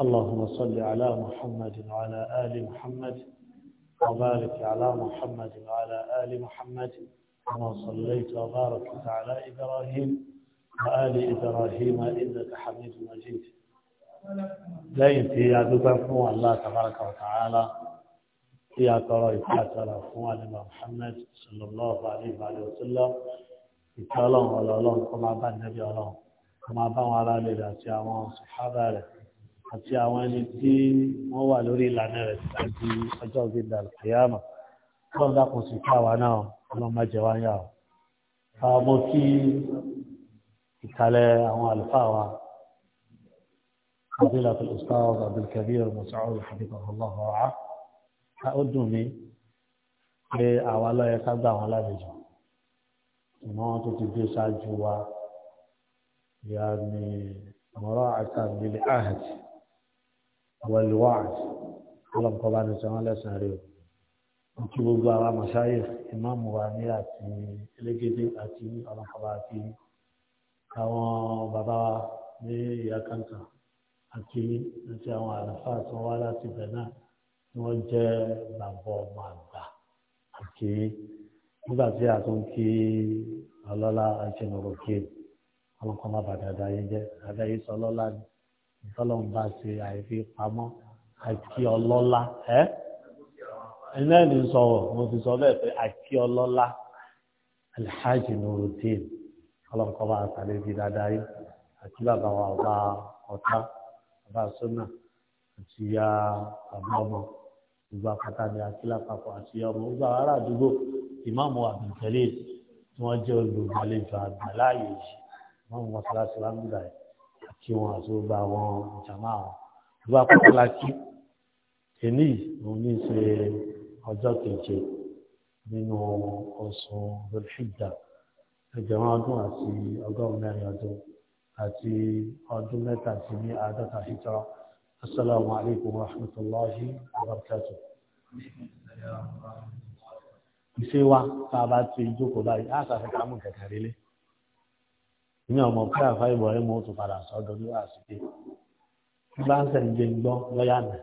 اللهم صل على محمد وعلى آل محمد وبارك على محمد وعلى آل محمد كما صليت وباركت على إبراهيم وآل إبراهيم إنك حميد مجيد لين يا عدوك فهو الله تبارك وتعالى يا ترى إفاتة فهو محمد صلى الله عليه وآله وسلم إتالهم على الله كما بان نبي الله كما بان على الله وسلم صحابة àti àwọn ẹni tí wọ́n wà lórí ìlànà rẹ̀ àti ọjọ́ gbígbà àyàmà ọlọ́run dákun sí káwa náà ọlọ́run má jẹ wá yà ọ́. àwọn ọmọ kí ìkàlẹ̀ àwọn àlùfáà wa فضيلة الأستاذ عبد الكبير مسعود حفظه الله ورعاه أؤدوا مي pé àwa ló yẹ ká gbà wọn lálejò ìmọ̀ tó ti dé ṣáájú wa ìyá ni ọ̀rọ̀ àkàndínlẹ̀ àhàtì wal-wa'd ọlọ́nkọ́ bá ní sọ́wọ́n lẹ́sàn-án rẹ̀ o kí gbogbo àwọn àmọ̀sáyè ìmáàmù wa ní àti elégédé àti ọlọ́nkọ́ba àti àwọn bàbá wa ní ìyá kàńtà àti àti àwọn àlàfáà tó wá láti ibẹ̀ náà tí wọ́n jẹ́ bàbá ọmọ àgbà àti nígbà tí a tún kí ọlọ́lá àṣẹnugòkè ọlọ́nkọ́ má bàdàdà yẹn jẹ́ àdáyé sọ ọlọ́lá ni tọ́lọ́mù bá ṣe àìfi pamọ́ àti ọlọ́lá ẹ́ iná ẹni sọ̀rọ̀ mo fi sọ bẹ́ẹ̀ pé àti ọlọ́lá alhaji nurudin ọlọ́nkọ́ bá àtàlẹ́ fi dáadáa yìí àti bàbá wa ọba ọ̀tá ọba sọ́nà àti ya bàbá ọmọ gbogbo akátá ni àti lápapọ̀ àti ọmọ gbogbo ará àdúgbò ìmáàmù àbùtẹ́lẹ̀ tí wọ́n jẹ́ olùgbàlejò àgbà láàyè yìí ìmáàmù mọ́sálásí wa ń gbà yìí kí wọn àti gbogbo àwọn ìjàmá wọn ìlú àpapọ̀lá kí èmi òun ní ṣe ọjọ́ keje nínú oṣù olùfìdá ẹgbẹ̀rún ọdún àti ọgọ́rùn-ún mẹ́rin ọdún àti ọdún mẹ́ta sí ní àádọ́ta hijra assalamu alaikum wa rahmatullahi wa barakatuh ìṣe wa tá a bá ti jókòó báyìí á sàfihàn mú ní ọmọ pé àfa ìbọ̀rẹ́ mo tún padà sọ́dọ̀ ní wàásù pé bá ń sẹ̀ń jẹ́ gbọ́ lọ́yà nà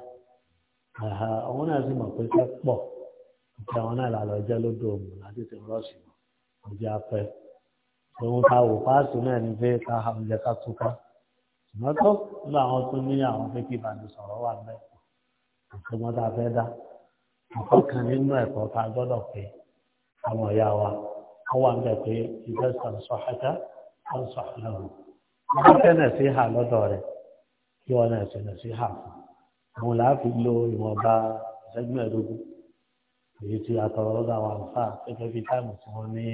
àwọn náà sì mọ̀ pé fẹ́ pọ̀ àti àwọn náà làlọ́ jẹ́ lódò òmù láti ti rọ́ọ̀sì mọ̀ ọjọ́ apẹ́ òun ta wò páàsì náà ní pé ká àmúlẹ̀ ká túká ṣùgbọ́n tó nígbà àwọn tún ní àwọn pé kí ìbánisọ̀rọ̀ wà mẹ́kọ̀ọ́ àti wọn tá fẹ́ dá ọ̀pọ̀ kan nínú ẹ̀kọ́ tá gbọ́dọ̀ pé àwọn ọ̀yà wa wọ́n wà pé ìfẹ́ sàn sọ́hátá ọ̀sọ̀ lọ́wọ́ wọ́n fẹ́ nà sí hà lọ́dọ̀ rẹ̀ kí wọ́n nà sí nà sí hà fún òun là á fi lo ìwọ̀nba ìṣẹ́gbẹ̀ẹ́dógún èyí tí atọ̀rọ̀ lọ́dọ̀ àwọn àlùfáà gẹ́gẹ́ bí táìmù tí wọ́n ní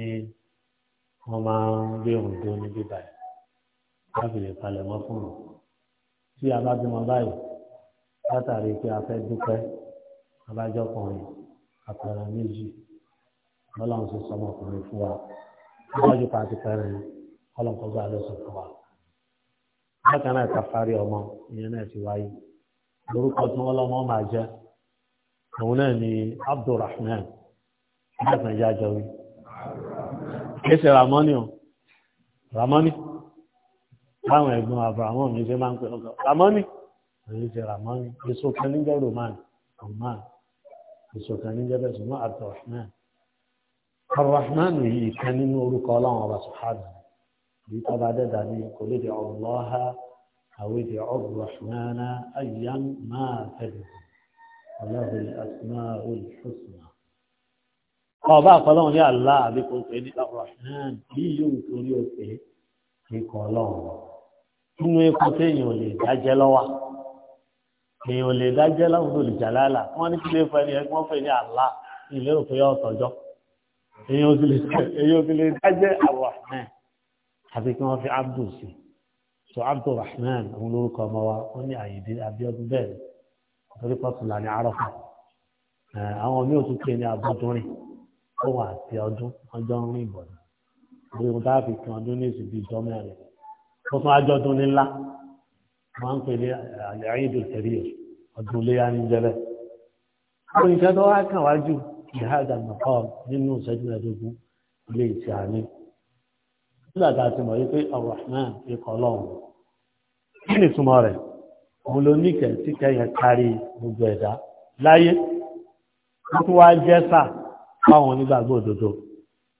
wọ́n máa ń gbé òun dó ní bíbá yìí láti lè palẹ̀ mọ́ fún un tí a bá bímọ báyìí látàrí pé a fẹ́ dúpẹ́ abájọkùnrin àpẹẹrẹ méjì lọ́lọ́run ti sọmọkùnrin fún wa níwájú pàtìpẹ́rẹ́ yìí ọlọ́nkọ́gbà ló sọ fún wa. bákan náà kàfárí ọmọ ìyẹn náà ti wáyé lórúkọ tí wọ́n lọ́mọ máa jẹ́ òun náà ni Abdulrahman bákan ìyá jọ wí. kìí ṣe ramoni o ramoni báwọn ẹ̀gbọ́n abrahamu mi ṣe máa ń pè ọkọ ramoni èyí ṣe ramoni èso kan níjẹ́ roman roman èso kan níjẹ́ bẹ́ẹ̀ sùnmọ́ Abdulrahman Abdulrahman yìí kan nínú orúkọ ọlọ́run ọba sùhánù bí tọ́ba dẹ́dà ni kò lè di ọlọ́ha àwọn èdè ọ̀rọ̀ṣùnánà ayán máa tẹ̀lé ọlọ́run asúná olùfọ́sùnà. ọba àpọlọ́run ní àlá àbí kò pé ní ọ̀rọ̀ṣùnán bí yóò torí ó pé ikọ̀ ọlọ́run. nínú ikú téèyàn ò lè dájẹ́ lọ́wọ́ èèyàn ò lè dájẹ́ láwọn olùjàlálà wọ́n ní kí lè fẹ́ ni ẹ wọ́n àlá ìlérò pé ọ̀tọ̀jọ́ èèyàn ò sì lè dájẹ́ àwọ̀ náà àti kí wọ́n fi abdul sí so abdulrahman òun lórúkọ ọmọ wa ó ní àyèdè abiodun bẹ́ẹ̀ torí pọ́tùlà ní arọ́fà àwọn míì ò tún pè ní abọ́dúnrin ó wà àti ọdún ọjọ́ ń rìn bọ̀ lórí ohun tá a fi kan ọdún ní ìsìn bíi ìjọ mẹ́rin ó tún ajọ́dún ní ńlá wọ́n ń pè ní àyèdè tẹ̀lé ọdún léyà ní jẹ́lẹ̀ àwọn ìjọba wa kàn wájú ìhádà nàkọ́ nínú ìṣẹ́jú ẹ̀dógún ilé ìtì àárín nígbà tá a ti mọ̀ yí pé Ar-Rahman ikọ̀ ọlọ́run kí ni ìtumọ̀ rẹ̀ òun ló ní kẹ̀sí kẹyìn kárí gbogbo ẹ̀dá láyé wọ́n tún wáá jẹ́ sà fáwọn onígbàgbọ́ òdodo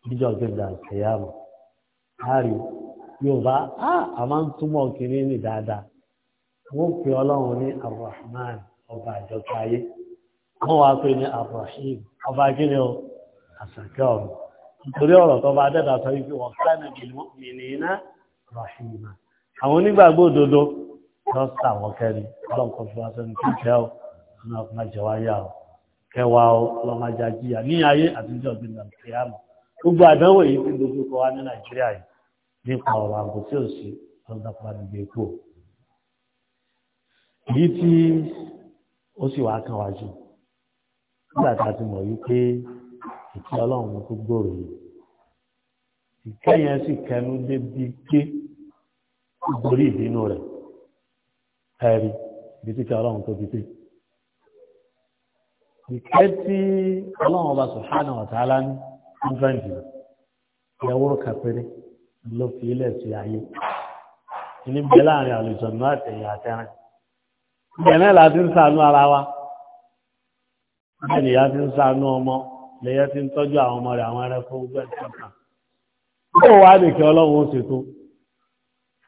níjọ́ gbẹ̀ngà ìṣẹ̀yàmù láàrí yorùbá a máa ń túmọ̀ kínní ní dáadáa wọ́n pe ọlọ́run ní ar ọba àjọkọ ayé wọ́n wáá pe ní Ar-Rahim ọba gíní o àṣàkẹ́ ọ̀run nítorí ọ̀rọ̀ tó bá dẹ́ta sọ wípé wọ́n kánà ìlúmìnira rahima àwọn onígbàgbọ́ òdodo lọ sàwọn kẹrin ọlọ́nkọ́ fún wa sẹ́ni tó kẹ́ ọ ọ̀nà ọ̀pọ̀ jẹ̀wáyà ọ kẹwàá ọ ọlọ́májà jíyà ní ayé àtijọ́ bí nà kíámà gbogbo àdánwò yìí ti dojú kọ wá ní nàìjíríà yìí nípa ọ̀rọ̀ àgbò tí ò sí ọ̀dọ́pàá ìtí ọlọ́run tó gbòòrò yìí ìkẹyìn sì kẹnu débi pé gbórí ìbínú rẹ̀ ẹ̀rí ibi títí ọlọ́run tó dìde ìkẹ́ tí ọlọ́run ọba sùhánà ọ̀tàlá ní kọ́ńfẹ́ǹtì ìyàwó kàpẹ́rẹ́ ló fi ilẹ̀ sí ayé ní bẹ́ẹ̀ láàrin àlùjọ náà tẹ̀yìn àtẹ́rìn ìyẹn náà láti ń ṣàánú ara wa bẹ́ẹ̀ ti ń ṣàánú ọmọ lẹ́yẹ ti ń tọ́jú àwọn ọmọ rẹ̀ àwọn ẹranko gbẹ́ kankan bó wàá nìkẹ́ ọlọ́run ó ṣètò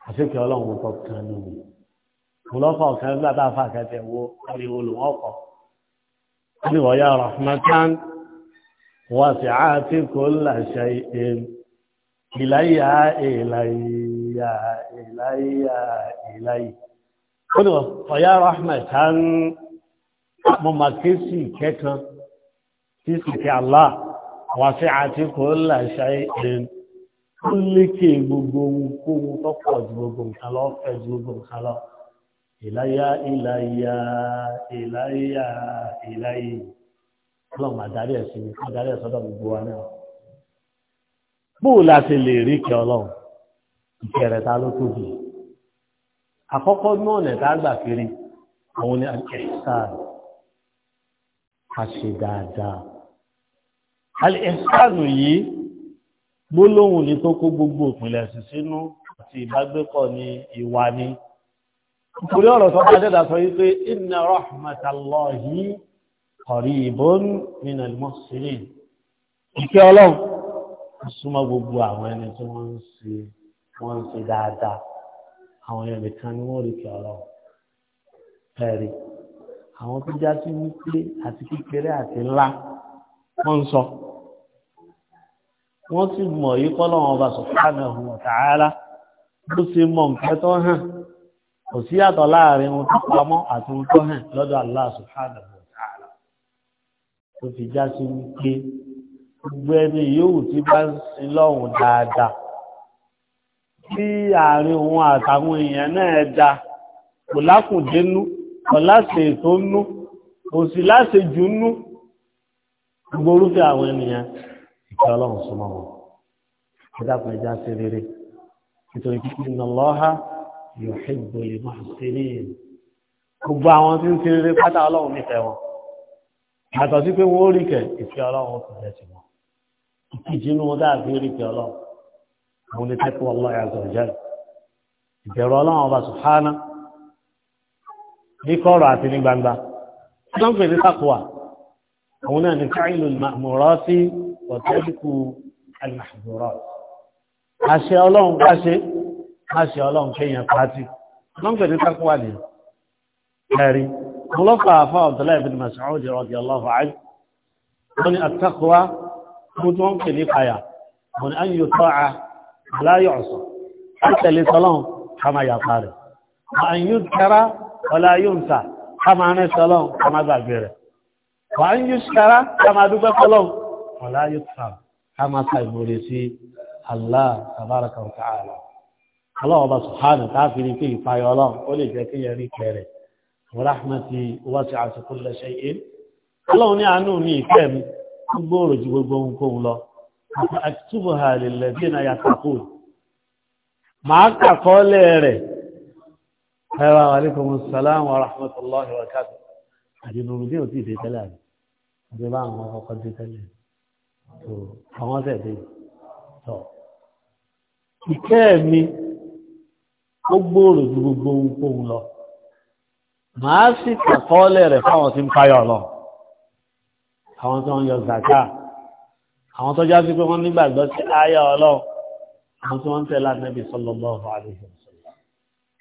àṣekẹ́ ọlọ́run kọ kan ní mi mo lọ́kọ̀ ọ̀kan nígbà tá a fà kẹ́tẹ̀ wo ariwo lò wọ́n kọ̀ ní wọ́yá rahmatan wà rahmatan mo mà tí sì fi àlá wàṣẹ àti kò láṣà ìrìn ó lékè gbogbo ohun kóhun tó pọ̀ ju gbogbo nǹkan lọ fẹ́ ju gbogbo nǹkan lọ ìláyà ìláyà ìláyà ìláyà ọlọ́run àdarí ẹ̀ sí mi àdarí ẹ̀ sọ́dọ̀ gbogbo wa àkọ́kọ́ náà nẹ̀ta gbà àwọn ni àkẹ́sà rẹ̀ ká ṣe dáadáa alẹ́sánù yìí gbólóhùn ni tó kó gbogbo ìpìlẹ̀ sí sínú àti ìbágbépọ̀ ní ìwà ni nítorí ọ̀rọ̀ tó bá dẹ́dà sọ wípé inna rahmatallahi qaribun minal muhsinin ìkẹ́ ọlọ́run súnmọ́ gbogbo àwọn ẹni tí wọ́n ń ṣe wọ́n ń ṣe dáadáa àwọn ẹnìkan ni wọ́n rí kẹ́ ọlọ́run ẹ̀rí àwọn tó já sí wípé àti kékeré àti ńlá wọ́n ń sọ wọ́n sì mọ̀ yí kọ́ lọ́wọ́n ọba subhanahu wa ta'ala bó ṣe mọ̀ nǹkan tó hàn kò sí yàtọ̀ láàrin ohun tó pamọ́ àti ohun tó hàn lọ́dọ̀ Allah subhanahu wa ta'ala tó fi já sí wípé gbogbo ẹni yòówù tí bá ń sin lọ́hùn dáadáa tí àárín òun àtàwọn èèyàn náà da kò lákùndínú ọ̀láṣẹ ètò nú òsì láṣẹ jù nú gbogbo orúfẹ́ àwọn ènìyàn ìkẹ́ ọlọ́run súnmọ́ wọn ìdákùn ẹja sí rere nítorí kíkí ní ọlọ́ha yóò ṣègbò ìmọ̀ àṣírí gbogbo àwọn tí ń ti rere pátá ọlọ́run nífẹ̀ẹ́ wọn yàtọ̀ sí pé wọ́n rí kẹ̀ ìfẹ́ ọba sùhánà ní kọ̀rọ̀ àti ní gbangba lọ́pẹ̀ ní tàkùwà òun náà ni káìlù mọ̀rọ̀ sí ọ̀tẹ́lùkù alìmọ̀rọ̀ àṣẹ ọlọ́run káṣe àṣẹ ọlọ́run kéèyàn pàtì lọ́pẹ̀ ní tàkùwà ni ẹ̀rí mọ́lọ́fà àfà ọ̀tọ́lá ibn Mas'ud radiyallahu anhu wọ́n ni àtàkùwà mú tí wọ́n pè ní kàyà wọ́n ọlá yóò ń sà ká máa rẹ́ sọlọ́n ká máa gbàgbé rẹ̀ wà ń yí ṣara ká máa dúpẹ́ fọlọ́n ọlá yóò sà ká máa sa ìmòrè sí Allah tabaraka wa ta'ala ọlọ́wọ́ bá sùhánù káfí ní pé ìpayọ̀ ọlọ́run ó lè jẹ́ kéèyàn rí kẹrẹ̀ rahmati wasi'at kulla shay'in ọlọ́run ní àánú mi ìfẹ́ mi gbogbo òrò ju gbogbo ohunkóhun lọ àti àtúbọ̀ àlèlẹ̀ bí náà yàtọ̀ kù màá kàkọ́ọ́lẹ̀ rẹ̀ ẹwà alaikum salam wa rahmatullahi wa barakatuh àdínúrúdí ò tí ì dé tẹ́lẹ̀ àbí àti bá àwọn ọkọ̀ dé tẹ́lẹ̀ tó àwọn ọ̀sẹ̀ dé tọ̀. ìkẹ́ mi ó gbòòrò ju gbogbo ohunkóhun lọ màá sì kàkọ́ọ́lẹ̀ rẹ̀ fáwọn tí ń payọ̀ lọ àwọn tó ń yọ zaka àwọn tó já sí pé wọ́n nígbàgbọ́ sí ayé ọlọ́run àwọn tí wọ́n ń tẹ̀lé ànábì sallallahu alaihi wasallam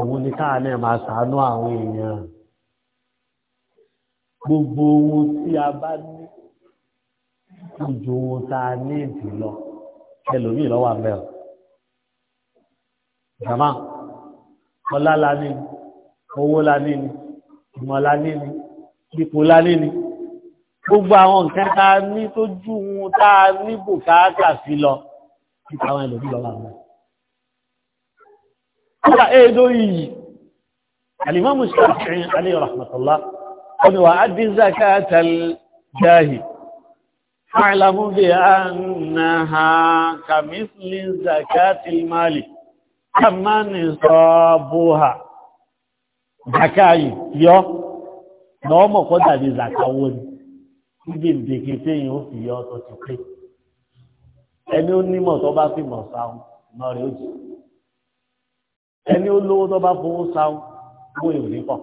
òun ni káà náà máa sàánú àwọn èèyàn gbogbo ohun tí a bá ní ojú ohun tá a ní ìdí lọ ẹlòmíì lọ́wọ́ àmẹ́ ọ̀ jàmá ọlá la ní ni owó la ní ni ìmọ̀ la ni ipò la ni gbogbo àwọn nǹkan tá a ní tó ju ohun tá a ní bùkátà sí lọ nípa àwọn ẹlòmíì lọ́wọ́ àmẹ́ ọ̀ kọ́lá èèdò yìí alimọ́mù Shafi'i alayhi rahmatullah ọdún wa adi zakatal jahi fa'lamu bi annaha kamithli zakatil mali kama nisabuha zakayi yọ na ọmọ kọ́ dàbí zakawo ni níbi ìdèkè téèyàn ó fi yọ tó ti pé ẹni ó nímọ̀ tó fi mọ̀ sáwọn náà rẹ̀ ó jù ẹni olówó tó bá fowó sáwó owó èrò ní pọ̀.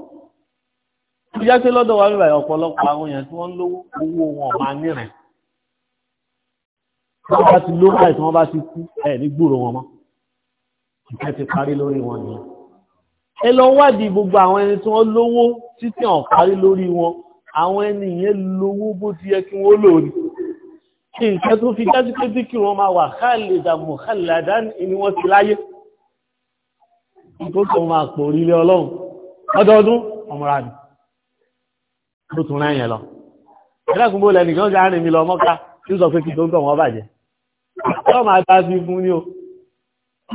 ìjá sí lọ́dọ̀ wa bíbáyìí ọ̀pọ̀lọpọ̀ àwọn èèyàn tí wọ́n ń lówó owó wọn máa nírìn. wọ́n bá ti lówó àìsí wọ́n bá ti kú ẹ̀ ní gbúrò wọn mọ́. ìfẹ́ ti parí lórí wọn nìyẹn. ẹ lọ wádìí gbogbo àwọn ẹni tí wọ́n lówó títí ọ̀ parí lórí wọn àwọn ẹni yẹn lówó bó ti yẹ kí wọ́n lò ní. nǹkan tó fi dájú pé bí kí wọ́n máa wà khalidan mukhalladan ni wọ́n ti láyé tó tó máa pò orílẹ̀ ọlọ́run ọdọọdún ọmọra ni tó tún rán yẹn lọ ẹlẹ́kùn bó lẹ́nìkan ti rìn mí lọ mọ́ká tí ó sọ pé kí tó ń tọ̀ wọ́n bàjẹ́ ọlọ́run máa ta sí fún ní o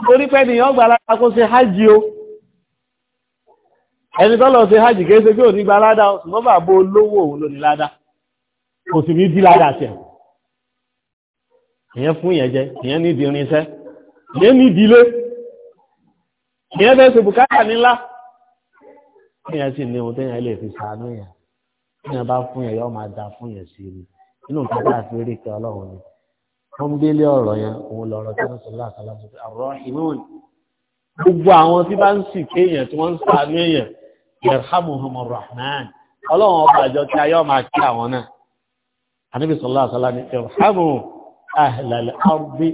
torí pé nìyàn gba aládá kó ṣe hajj o ẹni tó lọ ṣe hajj kìí ṣe pé ò ní gba aládá o ṣùgbọ́n bàbá olówó òun ló ládá kò sì ní dí ládá tiẹ̀ ìyẹn fún ìyẹn jẹ ìyẹn ní ìdí irinṣẹ́ ìyẹn ní ìdílé ìyẹn fẹ́ ṣe bùkátà nílá ìyẹn sì ní ohun tẹ́yìn lè fi sàánú yẹn ìyẹn bá fún yẹn yóò máa da fún yẹn sí i inú nǹkan tá a fi rí kẹ ọlọ́run ni wọ́n ń délé ọ̀rọ̀ yẹn òun lọ́rọ̀ tí wọ́n sọ láàkà láti fi àrọ́ ìmọ̀ọ́nì gbogbo àwọn tí bá ń sì kéèyàn tí wọ́n ń sàánú yẹn yarhamuhum rahman ọlọ́run ọba àjọ tí a yọ máa kí àwọn náà àníbi sọlá àsọlá ni yarhamu ahlal ardi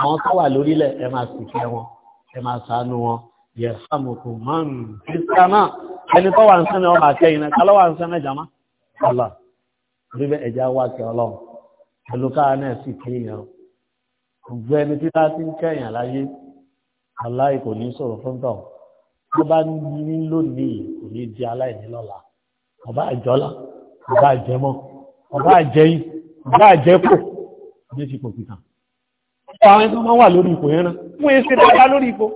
àwọn tó wà lórílẹ̀ ẹ máa sì kẹ́ wọn ẹ máa sàánú wọn yẹ sàmùkù máa ń fi sàmà ẹni tó wà ń sẹ́nà ọmọ àkẹ́yìn náà kálọ́ wà ń sẹ́nà jàmá ọ̀la rí bẹ́ẹ̀ ẹja wá kí ọlọ́run pẹ̀lú káà náà sì kéèyàn gbogbo ẹni tí bá ti ń kẹ́yìn láyé aláì kò ní sọ̀rọ̀ fún tọ̀ tó bá ní lónìí kò ní di aláìní lọ́la ọba àjọlá ọba àjẹmọ́ ọba àjẹyìn ọba àjẹkù ní ti pò kìkan. àwọn ẹni tó máa wà lórí ipò yẹn náà wọ́n ṣe dáadáa lórí ipò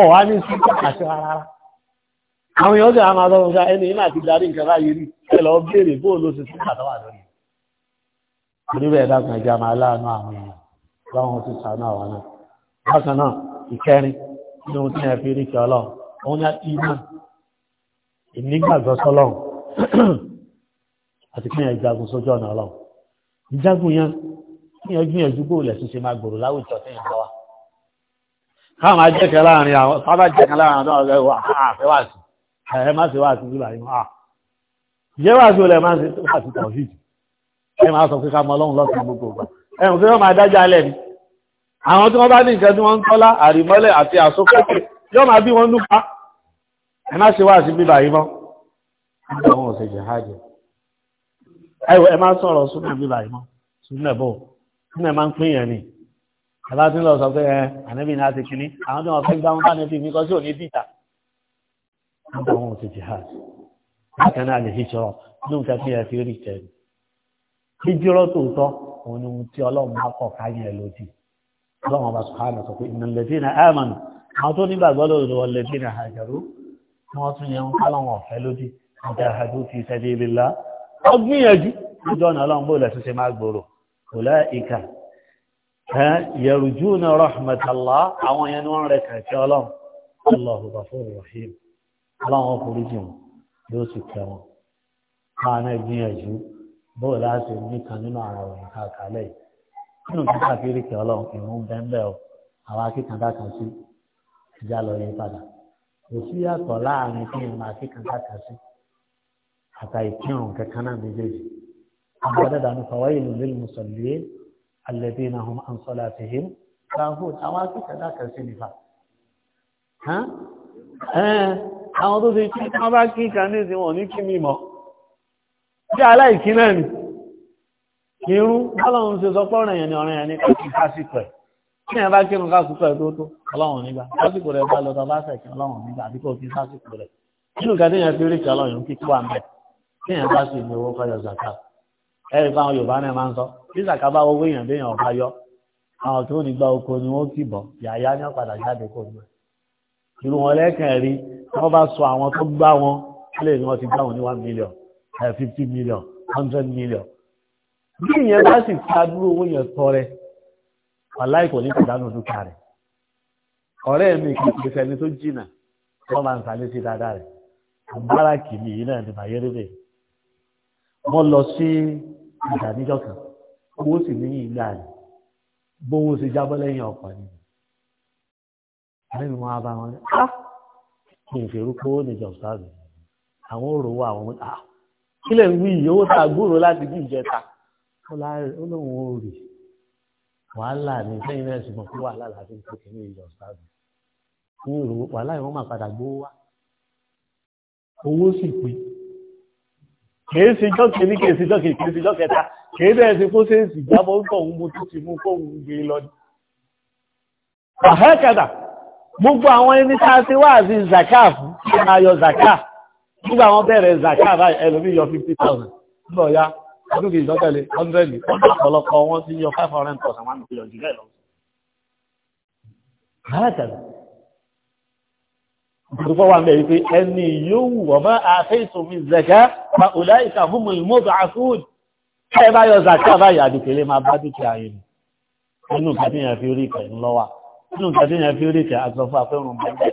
ọ̀ wá ní sí àṣẹ rárá àwọn èèyàn sì á máa lọ́rùn sá ẹni iná àti darí nǹkan láyé rí ẹ lọ béèrè bóò ló ṣe síkà tó wà lórí oníbẹ̀ ẹ̀dá kan ẹja máa láàánú àwọn èèyàn láwọn ti sàánú àwọn náà bákan náà ìkẹrin nínú ohun tí ẹ fi rí kí ọlọ́run sójú ọ̀nà ọlọ́run ìjagun yẹn kíyàn gbìyànjú bóò lẹ̀ ṣe máa gbòòrò láwùjọ tí ìjọ wa káà máa jẹ́ kẹ́ láàrin àwọn sábà jẹ́ kẹ́ láàrin àwọn ọ̀rẹ́ wà fẹ́ wà sí ẹ má ṣe wà sí ìlú àyíwá jẹ́ wà sí olè máa ṣe wà sí tọ̀fíì ẹ máa sọ pé ká mọ ọlọ́run lọ́sàn gbogbo ọgbà ẹ̀rùn pé wọ́n máa dájà alẹ́ ni àwọn tí wọ́n bá ní nǹkan tí wọ́n ń tọ́lá àrímọ́lẹ̀ àti àsopẹ́kẹ̀ yóò máa bí wọ́n ń dúpa ẹ má ṣe wà sí bíbà yìí mọ́ àwọn ọ̀sẹ̀ jẹ̀ hajj ẹ má sọ̀rọ̀ súnmọ̀ bíbà yìí mọ́ súnmọ̀ bọ̀ súnmọ̀ máa ń bàbá tí ń lọ sọ pé ẹ ànábì náà ti kíní àwọn tí wọn fẹ́ gbá wọn bá nẹbí mi kọ sí òní dìtà nígbà wọn ò ti jihad bákan náà lè fi sọ̀rọ̀ ní nǹkan tí ẹ fi rí tẹ̀lé jíjírọ́ tòótọ́ òun ni ohun tí ọlọ́run bá kọ̀ káyìn ẹ lòdì ọlọ́run ọba sùhánà sọ pé innal ladhina amanu àwọn tó nígbàgbọ́ lòdì wal ladhina hajaru wọ́n tún yẹn ń kálọ̀wọ̀n ọ̀fẹ́ lójú ìdáhàjú fi sabilillah ọgbìyànjú ìjọ ọ̀nà ọlọ́run bó lẹ́sùn ṣe máa gbòòrò yẹrùjúnà rọ́hmẹ̀tàlá àwọn yẹn ni wọ́n rẹ̀ kàkẹ́ ọlọ́run Allahu Ghafur Rahim ọlọ́run ọkùnrin jù yóò sì kẹ́ wọn káàánà gbìyànjú bóò láti nìkan nínú ara òyìn kàkálẹ̀ nínú kíkà kiri kẹ́ ọlọ́run ìrún bẹ́ńbẹ́ o àwọn akíkàndá kan sí ìjà lọ yẹn padà kò sí yàtọ̀ láàrin kí n máa kíkàndá kan sí àtàìkírun kankan náà méjèèjì àbọ̀dẹ́dà ní fàwáyé lòlẹ́ alladhina hum an salatihim káhùn àwọn akẹ́kẹ̀ẹ́ dákẹ́ sí nífà àwọn tó ti kí wọ́n bá kí ìkà ní ìsinwọ̀n ní kí mímọ̀ tí aláìkí náà ni irú bọ́lọ̀un ṣe sọ pọ́rọ̀ èèyàn ni ọ̀rẹ́ ẹni kí kásìkò ẹ̀ kí ẹ̀ bá kírun kásìkò ẹ̀ tó tó ọlọ́run nígbà kásìkò rẹ̀ bá lọ́ta bá sẹ̀kí ọlọ́run nígbà kí ẹ̀rí fáwọn yorùbá náà máa ń sọ bí sàkábà owó èèyàn bí èèyàn yọ àwọn tó nígbà oko ni wọ́n kì yàyà ní ọ̀padà jáde kò ní. irú wọn lẹ́kàn rí wọ́n bá sọ àwọn tó gbá wọn lè ní wọ́n ti gbá wọn ní one million eh, fifty million hundred million. bí ìyẹn bá sì ta dúró owó yẹn tọrẹ wàláì kò ní pàdánù dúkà rẹ̀. ọ̀rẹ́ mi kì í pèsè ẹni tó jìnà wọ́n máa ń sálé sí dáadáa rẹ̀. àbára kìíní yìí náà ni bàyẹ́rẹ́ bẹ́ẹ̀. wọ́n lọ sí ìgbà níjọ́ kan owó sì ní ìgbà rẹ̀ bówó ṣe jábọ́ lẹ́yìn ọ̀pọ̀ ni àyẹ̀wò máa bá wọn ní á ah! kí n fèrú kówó níjọ sáàbì àwọn òrò wà àwọn ọmọdé ah kí lè ń wí ìyẹn ó ta gbòòrò láti bí ìjẹta ó lóun ó rì wàhálà ní sẹ́yìn náà ṣùgbọ́n kó wàhálà láti ń tókè ní ìjọ sáàbì ní òrò wàhálà yìí wọ́n máa padà gbówó wá owó sì pín kìí sí jọ́ kìíní kìí sí kìí kìí sí kẹta kìí bẹ́ẹ̀ sí kó ṣe é ń tọ̀hún mo tó ti mú kóhun gbé lọ ni. àhẹ́kẹ̀dà gbogbo àwọn ẹni tá a ti wá àti zaka fún kí máa yọ zaka nígbà wọn bẹ̀rẹ̀ zaka báyìí ẹlòmí yọ fifty thousand nígbà ọ̀ya ọdún kìí sọ́kẹ̀lé hundred ní ọ̀pọ̀lọpọ̀ wọn ti yọ five hundred thousand wọn kìí yọ jù bẹ́ẹ̀ lọ. Ìdúpọ̀ wà mẹ́rin pé ẹni yóò wù ọmọ àfẹ́sùn mi zẹ̀ká ma òlá ìkàhùnmùn mọ́bà fún ẹ bá yọ zàkà báyìí àdìkèlé máa bá dúkìá yìí nínú nǹkan tí yẹn fi rí ìkẹ̀ ńlọ́wà nínú nǹkan tí yẹn fi rí ìkẹ̀ àtọ́fún àfẹ́rùn mẹ́mẹ́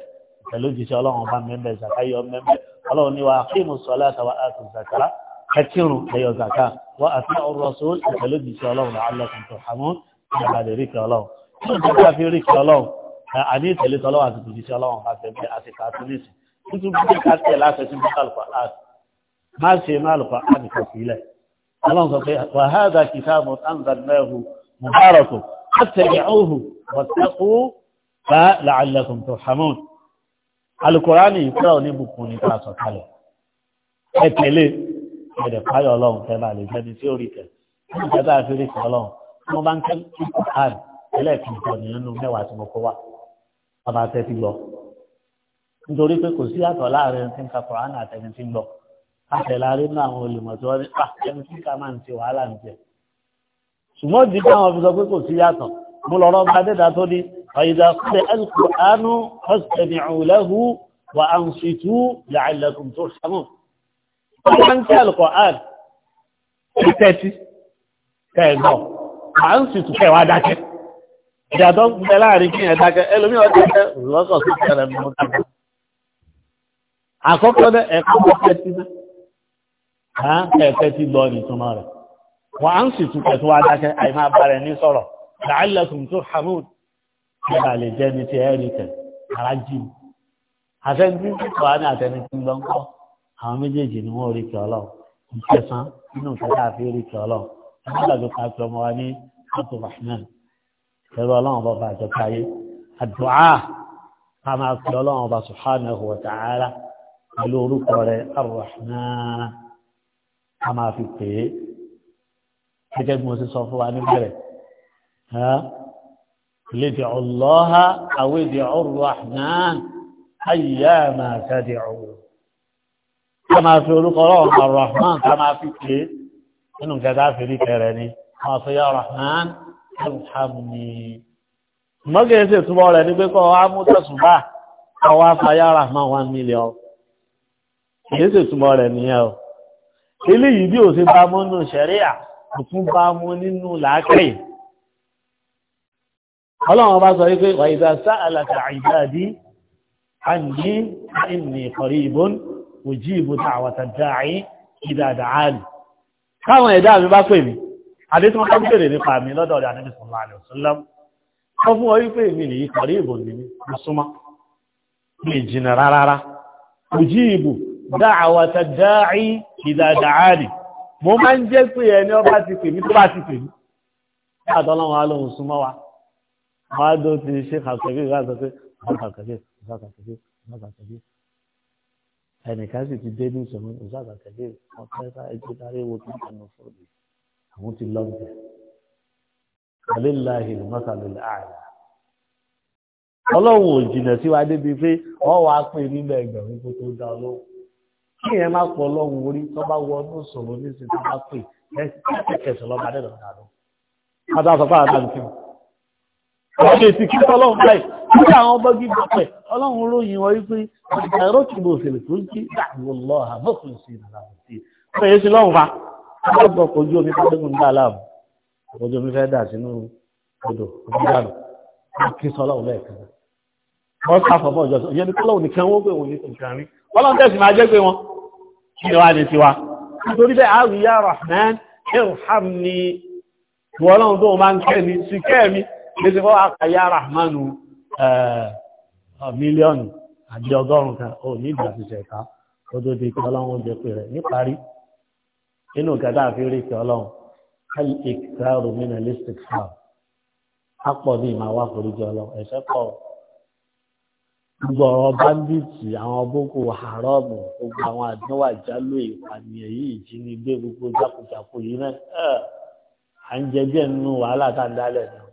pẹ̀lú jíṣẹ́ ọlọ́run bá mẹ́mẹ́ zàkà yọ mẹ́mẹ́ ọlọ́run ní wa aqimu salata wa atu zàkà ẹkírun ẹyọ zàkà wa ati'u àní ìtẹ̀lé tọ́lọ́wọ́ àti tòjíṣẹ́ ọlọ́run bá tẹ̀lé àti kàtúnísì tuntun bí ká tẹ̀ láti ṣe bí kàlùkọ́ àti má ṣe má lùkọ́ àti kò sílẹ̀ ọlọ́run sọ pé wàhálà kìtàbù anzalnahu mubarak fattabi'uhu wattaqu fa la'allakum turhamun alukurani ìfẹ́ òní bùkún ní ká sọ kalẹ̀ ẹ tẹ̀lé ẹ̀dẹ̀ fáyọ̀ ọlọ́run tẹ́ bá lè jẹ́ni nínú mẹ́wàá tí mo kó wá bàbá tẹ́tí gbọ́ nítorí pé kò sí àtọ̀ láàrin ẹni tí ń ka Kùránì àtẹni tí ń gbọ́ àtẹ̀lárí nínú àwọn olùmọ̀ tí wọ́n ní pa ah, ẹni tí ká máa ń ti wàhálà ń jẹ ṣùgbọ́n di káwọn fi sọ pé kò sí yàtọ̀ mo lọ́rọ́ bá dẹ́dà tó ní ọ̀yẹ̀dà kúrẹ́ al-Qur'anu fastami'u lahu wa ansitu la'allakum turhamun wọ́n ń tẹ́ al-Qur'an tẹ́tí kẹ́ẹ̀gbọ́n à ń sì tù kẹ́ẹ̀ ìyàtọ̀ ń bẹ láàrin kí ẹ̀dá kẹ ẹlòmíràn ti kẹ lọ́kọ̀ sí ìṣẹ̀lẹ̀ ní mo kàdé àkọ́kọ́ dẹ ẹ̀kọ́ ọ̀fẹ́ ti dẹ à ń kẹ ẹ̀fẹ́ ti gbọ́ ní ìtumọ̀ rẹ̀ wọ́n á ń sì tún kẹtù wá dákẹ́ àìmọ́ abalẹ̀ ní sọ̀rọ̀ làálẹ̀kùn tó hamud ẹ̀dá lè jẹ́ ní ti ẹ̀rí tẹ̀ ara jì mí àtẹnudí ń tọ́ á ní àtẹnudí ń lọ ń kọ́ àwọn méjèèjì ni wọ́n rí kẹ́ ọlọ́run ẹ̀rọ ọlọ́run bá bàjọ́ káyé àdùá a máa fi ọlọ́run bá subhanahu wa ta'ala pẹ̀lú orúkọ rẹ̀ Ar-Rahman a máa fi pè é gẹ́gẹ́ bí mo ti sọ fún wa níbẹ̀rẹ̀ lédè ọlọ́ha àwédè Ar-Rahman ayé máa orúkọ ọlọ́run ar ká máa fi pè nínú gẹ́gẹ́ àfẹ́rí kẹrẹ ni wọ́n sọ yá Rahman ẹ̀rùhàmùnì. mọ́gẹ́ ṣe túbọ̀ rẹ̀ ní pé kọ́ wá mú tẹ̀sùbá àwọn afayára máa wá nílẹ̀ ọ kìí ṣe túbọ̀ rẹ̀ nìyẹn o ilé yìí bí ò ṣe bá mú nínú ṣẹ̀ríà kò tún bá mú nínú làákàyè ọlọ́run bá sọ wípé wà ìdá sáàlàkà ìdáàdí àǹdí ìní ìkọ̀rí ìbọn òjì ìbò tàwàtà dáàí ìdàdà áàlì káwọn ẹ̀dá mi bá pè mí àdé tí wọ́n kọ́ bèèrè nípa mi lọ́dọ̀ ọ̀dọ̀ àníbi sọ̀rọ̀ àlẹ́ òṣèlú wọ́n fún ọ wípé èmi nìyí kọ̀rí ìbò ní mi mo súnmọ́ mi jìnà rárá ojú ìbò dáàwàtà dáàí ìdàdàárì mo máa ń jẹ́ pé ẹni ọba ti pè mí tó bá ti pè mí àtọ́lọ́wọ́n alóhùn súnmọ́ wa wọ́n á dó ti ṣe kàkẹ́kẹ́ kàkẹ́kẹ́ kàkẹ́kẹ́ kàkẹ́kẹ́ kàkẹ́kẹ́ ẹnìkan sì ti dé ní ìṣòro ìṣàkàkẹ́kẹ́ ọ̀kẹ́ta ẹgbẹ́ àwọn ti lọ bẹ̀. Àléláhi mọ́sàlélá àyà. Ọlọ́run ò jìnà sí wa débi pé wọ́n wá pè nílẹ̀ ẹgbẹ̀rún kó tó dá ọlọ́run. Kí ìyẹn má pọ̀ ọlọ́run orí tó bá wọ ọdún sọ̀rọ̀ níṣẹ́ tó bá pè kẹsẹ̀ lọ́ba dẹ́dọ̀ dàdọ̀. Adá sọ fáwọn àdáni kí wọ́n lè ti kí ọlọ́run báyìí. Kí àwọn bọ́gí bọ́ pẹ̀ ọlọ́run ròyìn wọ́n wípé ọ̀dà ìrọ́kìbò òfèlè tó ń kí dàgbò lọ́ha ọgbọ kojú omi fẹẹ dẹkùn dá láàmú kojú omi fẹẹ dà sínú odò onídàánù kí sọlá òun lẹ́ẹ̀kan wọn sá fọmọ ìjọ ìyẹn ni kọlọ òní kan wọn pé òun ní nǹkan rí Ọlọ́run tẹsí máa jẹ pé wọn kí ni wàá ní tiwa nítorí bẹ́ẹ̀ àwọn ìyá rahman irham ni wọn náà tó máa ń kẹ́ mi sí kẹ́ mi lè ti fọ́ àkàyà rahman mílíọ̀nù àti ọgọ́rùn-ún kan ò ní ìgbà ti ṣẹ̀ka ó tó di kí Ọlọ́run jẹ pé rẹ̀ níparí nínú nǹkan tá a fi rí ti ọlọ́run hal iktaru min al-istighfar á pọ̀ ní ìmọ̀ àwọn àforíjì ọlọ́run ẹ̀ṣẹ̀ pọ̀ gbogbo ọ̀rọ̀ báńdíìtì àwọn boko haram gbogbo àwọn àdánwò àjálù ìpànìyàn yìí ìjínigbé gbogbo jákujàku yìí náà ẹ̀ à ń jẹ díẹ̀ nínú wàhálà tá a dálẹ̀ náà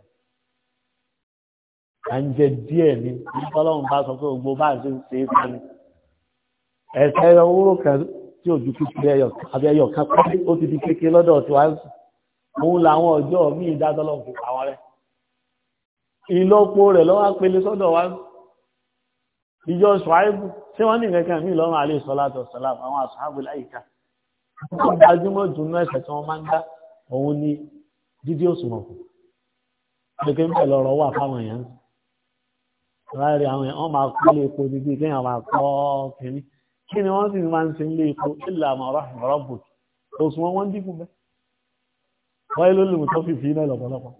à ń jẹ díẹ̀ ni ọlọ́run bá sọ pé gbogbo bá ń ṣe ń ṣe é fún mi owó kan tí ò ju kékeré ẹyọ abẹ ẹyọ kan pé ó ti di kékeré lọ́dọ̀ tí wàá sùn òun làwọn ọjọ́ míì dájọ́ lọ́n kó àwọn rẹ̀ ìlọ́po rẹ̀ lọ́wọ́ apele sọ́dọ̀ wa ìjọ ṣùáìbù tí wọ́n ní kankan míì lọ́rùn alẹ́ sọlá tó sọlá àwọn àṣàbù láyìíká wọ́n gbajúmọ̀ dùnú ẹ̀sẹ̀ tí wọ́n máa ń dá òun ní dídí òṣùwọ̀n kù pẹ̀lú ń bẹ̀ lọ́rọ̀ wà fáwọn èèyàn láàárín àwọn èèyàn wọ́n máa kọ́ lé epo níbi kéèyàn máa kọ́ kínní kí ni wọ́n sì máa ń sin ilé epo ilẹ̀ àmàrà rọ́bù tó sún wọn wọ́n dínkù bẹ́ẹ̀ wáyé ló lè mú tọ́fì fi iná lọ́pọ̀lọpọ̀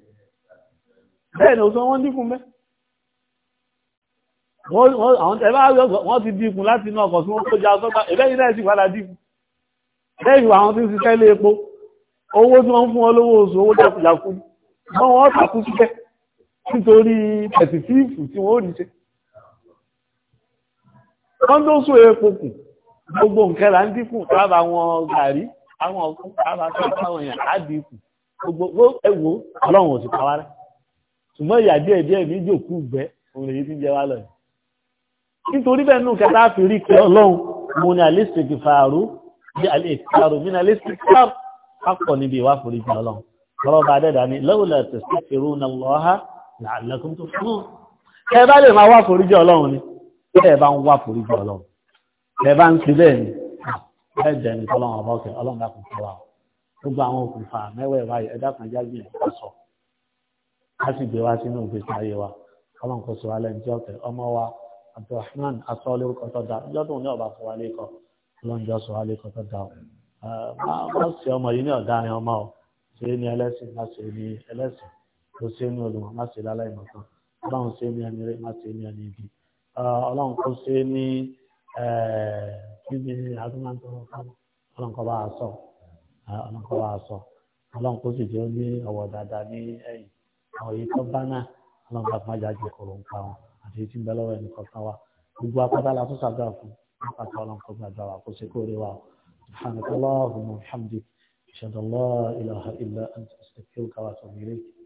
bẹ́ẹ̀ ni òsùn wọn dínkù bẹ́ẹ̀ àwọn tẹ̀lé wọ́n ti dínkù láti inú ọkọ̀ sí wọ́n kójá sọ́gbà ìbẹ́yìn náà sì padà dínkù lẹ́yìn àwọn tí ń wọ́n tó sún epo kù gbogbo nǹkan là ń dínkù lára àwọn gàrí àwọn ọkùn lára tó táwọn èèyàn á dínkù gbogbo ẹwò ọlọ́run ò sì pa wá rẹ́ ṣùgbọ́n ìyà díẹ̀ díẹ̀ ní ìjòkú ìgbẹ́ òun èyí ti jẹ wá lọ nítorí bẹ́ẹ̀ nù kẹta fi rí pé ọlọ́run mo ní alẹ́ sèkì fàárù bí alẹ́ ìkàrò mi ní alẹ́ sèkì fàárù akọ níbi ìwà foríjì ọlọ́run ọlọ́run bá dẹ́dà ní bẹ́ẹ̀ bá ń wá foríjì ọlọ́run bẹ́ẹ̀ bá ń ṣe bẹ́ẹ̀ ni bẹ́ẹ̀ jẹ́ ní ọlọ́run ọba ọ̀kẹ́ ọlọ́run dàkún fún wa gbogbo àwọn òkùnfà mẹ́wẹ̀ẹ́ wáyé ẹ̀dá kan jágbìn ẹ̀kọ́ sọ ká sì gbé wá sínú ìgbésí ayé wa ọlọ́run kò sọ wa lẹ́nu tí ọ̀kẹ́ ọmọ wa abdulrahman asọ́ lórúkọ tó da lọ́dún ní ọba fún wa lẹ́kọ̀ọ́ ọlọ́run jọ sọ wa lẹ́kọ̀ọ́ tó da ọ ọlọ́run kó ṣe ní eh, níbi àdúgbò ọlọ́run kó bá a sọ eh, ọlọ́run kó bá a sọ ọlọ́run kó sì jẹ́ ní ọwọ́ dáadáa ní ẹ̀yìn àwọn èyí tó bá náà ọlọ́run bá fún ajá jẹ kòrò ń pa wọn àti èyí tí ń bẹ lọ́wọ́ ẹnì kọ̀ọ̀kan wa gbogbo apáta la tún ṣàdúrà fún apáta ọlọ́run kó gbàdúrà wa kó ṣe kó rí wa subhanakallahumma wa bihamdik ashhadu an la illa anta astaghfiruka wa